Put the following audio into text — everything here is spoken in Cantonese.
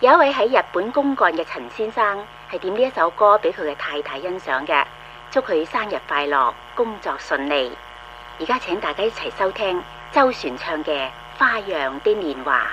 有一位喺日本公幹嘅陳先生，係點呢一首歌俾佢嘅太太欣賞嘅，祝佢生日快樂，工作順利。而家請大家一齊收聽周璇唱嘅《花樣的年華》。